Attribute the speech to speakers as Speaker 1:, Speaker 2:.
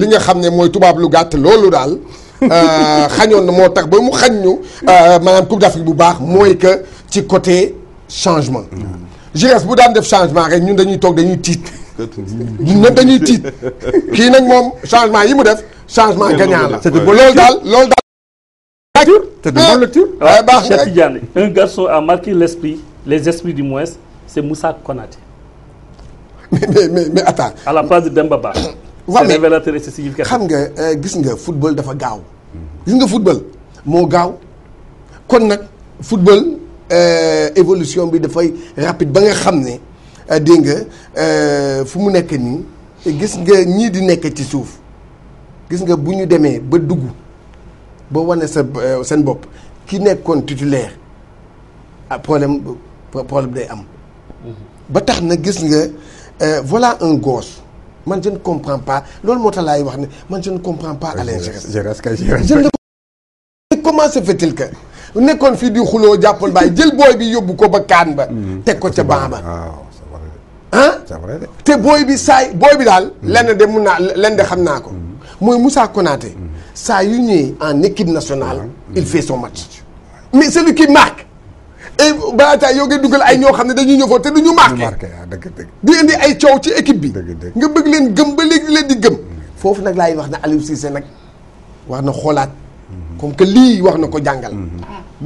Speaker 1: li nga xam ne mooy tubaab lu gàtt loolu daal euh, xañoon na moo tax ba mu xañ ñu euh, maanaam Coupe d'Afrique bu baax mooy que ci côté changement. Giresse bu daan def changement rek ñun dañuy toog dañuy tiit. ñun dañuy tiit kii nag moom changement yi mu def changement gagnant la. loolu daal loolu daal. C'est de bonne lecture. Ah, Cheikh Tidiane, un garçon les esprits du moins, c'est Moussa Konaté. Mais, mais, mais, c'est révélateur et c'est significatif. xam nga euh, gis nga football dafa gaaw. gis nga football moo gaaw kon nag football euh, évolution bi dafay rapide ba nga xam ne euh, dégg nga fu mu nekk nii gis nga ñii di nekk ci suuf gis nga bu ñu demee ba dugg ba wane sa seen bopp ki nekkoon titulaire ah problème problème day am. Mhm. ba tax na gis nga voilà un gosse. man je ne comprends pas loolu moo tax laay wax ne man je ne comprends pas Alain Giresse je ne comment se fait-il que nekkoon fii di xuloo jàppal baay jël booy bi yóbbu ko ba kaan ba mm-hmm. teg ko ca ban ba te booy bi saay booy bi daal mm-hmm. lenn de mun naa lenn de xam naa ko mm-hmm. mooy musa Konaté saa yu ñëwee en équipe nationale il fait son match mais celui qui marque ngay baataa yow ngay dugal ay ñoo xam ne dañuy ñëw foofu te duñu marqué di indi ay coow ci équipe bi nga bëgg leen gëm ba léegi leen di gëm mm. foofu nag laay wax na Aliou Cissé nag wax na xoolaat comme que lii wax na ko jàngal mm-hmm. ah.